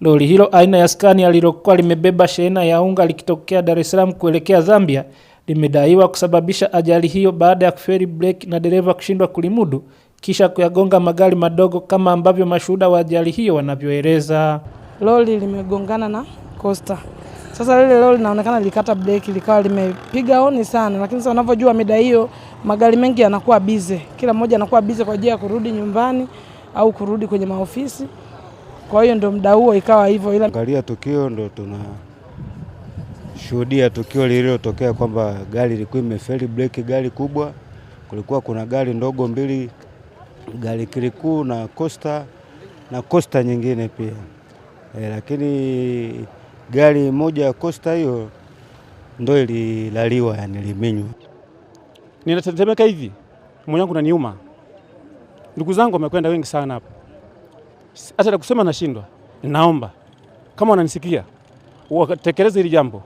Lori hilo aina ya Scania alilokuwa limebeba shehena ya unga likitokea Dar es Salaam kuelekea Zambia limedaiwa kusababisha ajali hiyo baada ya kufeli breki na dereva kushindwa kulimudu kisha kuyagonga magari madogo kama ambavyo mashuhuda wa ajali hiyo wanavyoeleza. Lori limegongana na costa. Sasa lile lori linaonekana lilikata breki likawa limepiga honi sana, lakini sasa unavyojua mida hiyo magari mengi yanakuwa bize, kila mmoja anakuwa bize kwa ajili ya kurudi nyumbani au kurudi kwenye maofisi. Kwa hiyo ndo muda huo ikawa hivyo, ila angalia tukio ndo tunashuhudia tukio lililotokea kwamba gari ilikuwa imefeli breki, gari kubwa. Kulikuwa kuna gari ndogo mbili, gari kilikuu na kosta na kosta nyingine pia e, lakini gari moja ya kosta hiyo ndo ililaliwa, yani liminywa. Ninatetemeka hivi, mwenyangu naniuma. Ndugu zangu wamekwenda wengi sana hapa hata na kusema nashindwa. naomba kama wananisikia watekeleze hili jambo,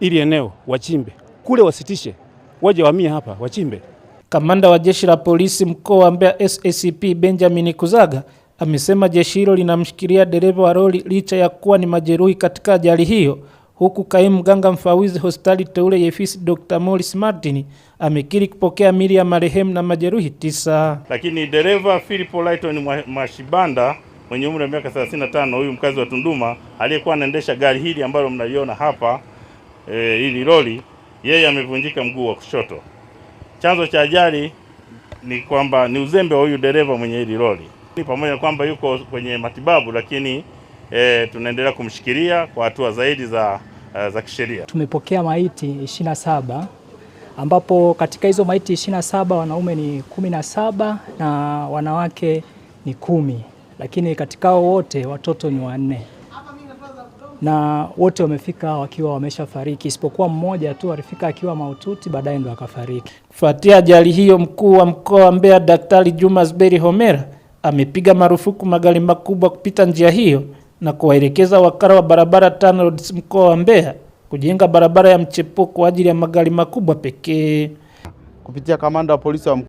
ili eneo wachimbe kule, wasitishe, waje wamie hapa wachimbe. Kamanda wa jeshi la polisi mkoa wa Mbeya SACP Benjamin Kuzaga amesema jeshi hilo linamshikilia dereva wa lori licha ya kuwa ni majeruhi katika ajali hiyo, huku kaimu mganga mfawizi hospitali teule Yefisi Dr. Morris Martin amekiri kupokea mili ya marehemu na majeruhi tisa. Lakini dereva Philip Lighton Mwashibanda mwenye umri wa miaka 35 huyu mkazi wa Tunduma aliyekuwa anaendesha gari hili ambalo mnaliona hapa e, hili lori, yeye amevunjika mguu wa kushoto. Chanzo cha ajali ni kwamba ni uzembe wa huyu dereva mwenye hili lori, pamoja kwamba yuko kwenye matibabu, lakini e, tunaendelea kumshikilia kwa hatua zaidi za, e, za kisheria. Tumepokea maiti 27 ambapo katika hizo maiti 27 wanaume ni 17 na wanawake ni kumi lakini katika hao wote watoto ni wanne na wote wamefika wakiwa wameshafariki isipokuwa mmoja tu alifika akiwa mahututi, baadaye ndo akafariki. Kufuatia ajali hiyo, mkuu wa mkoa wa Mbeya Daktari Juma Zuberi Homera amepiga marufuku magari makubwa kupita njia hiyo na kuwaelekeza wakala wa barabara TANROADS mkoa wa Mbeya kujenga barabara ya mchepuko kwa ajili ya magari makubwa pekee. Kupitia kamanda wa polisi wa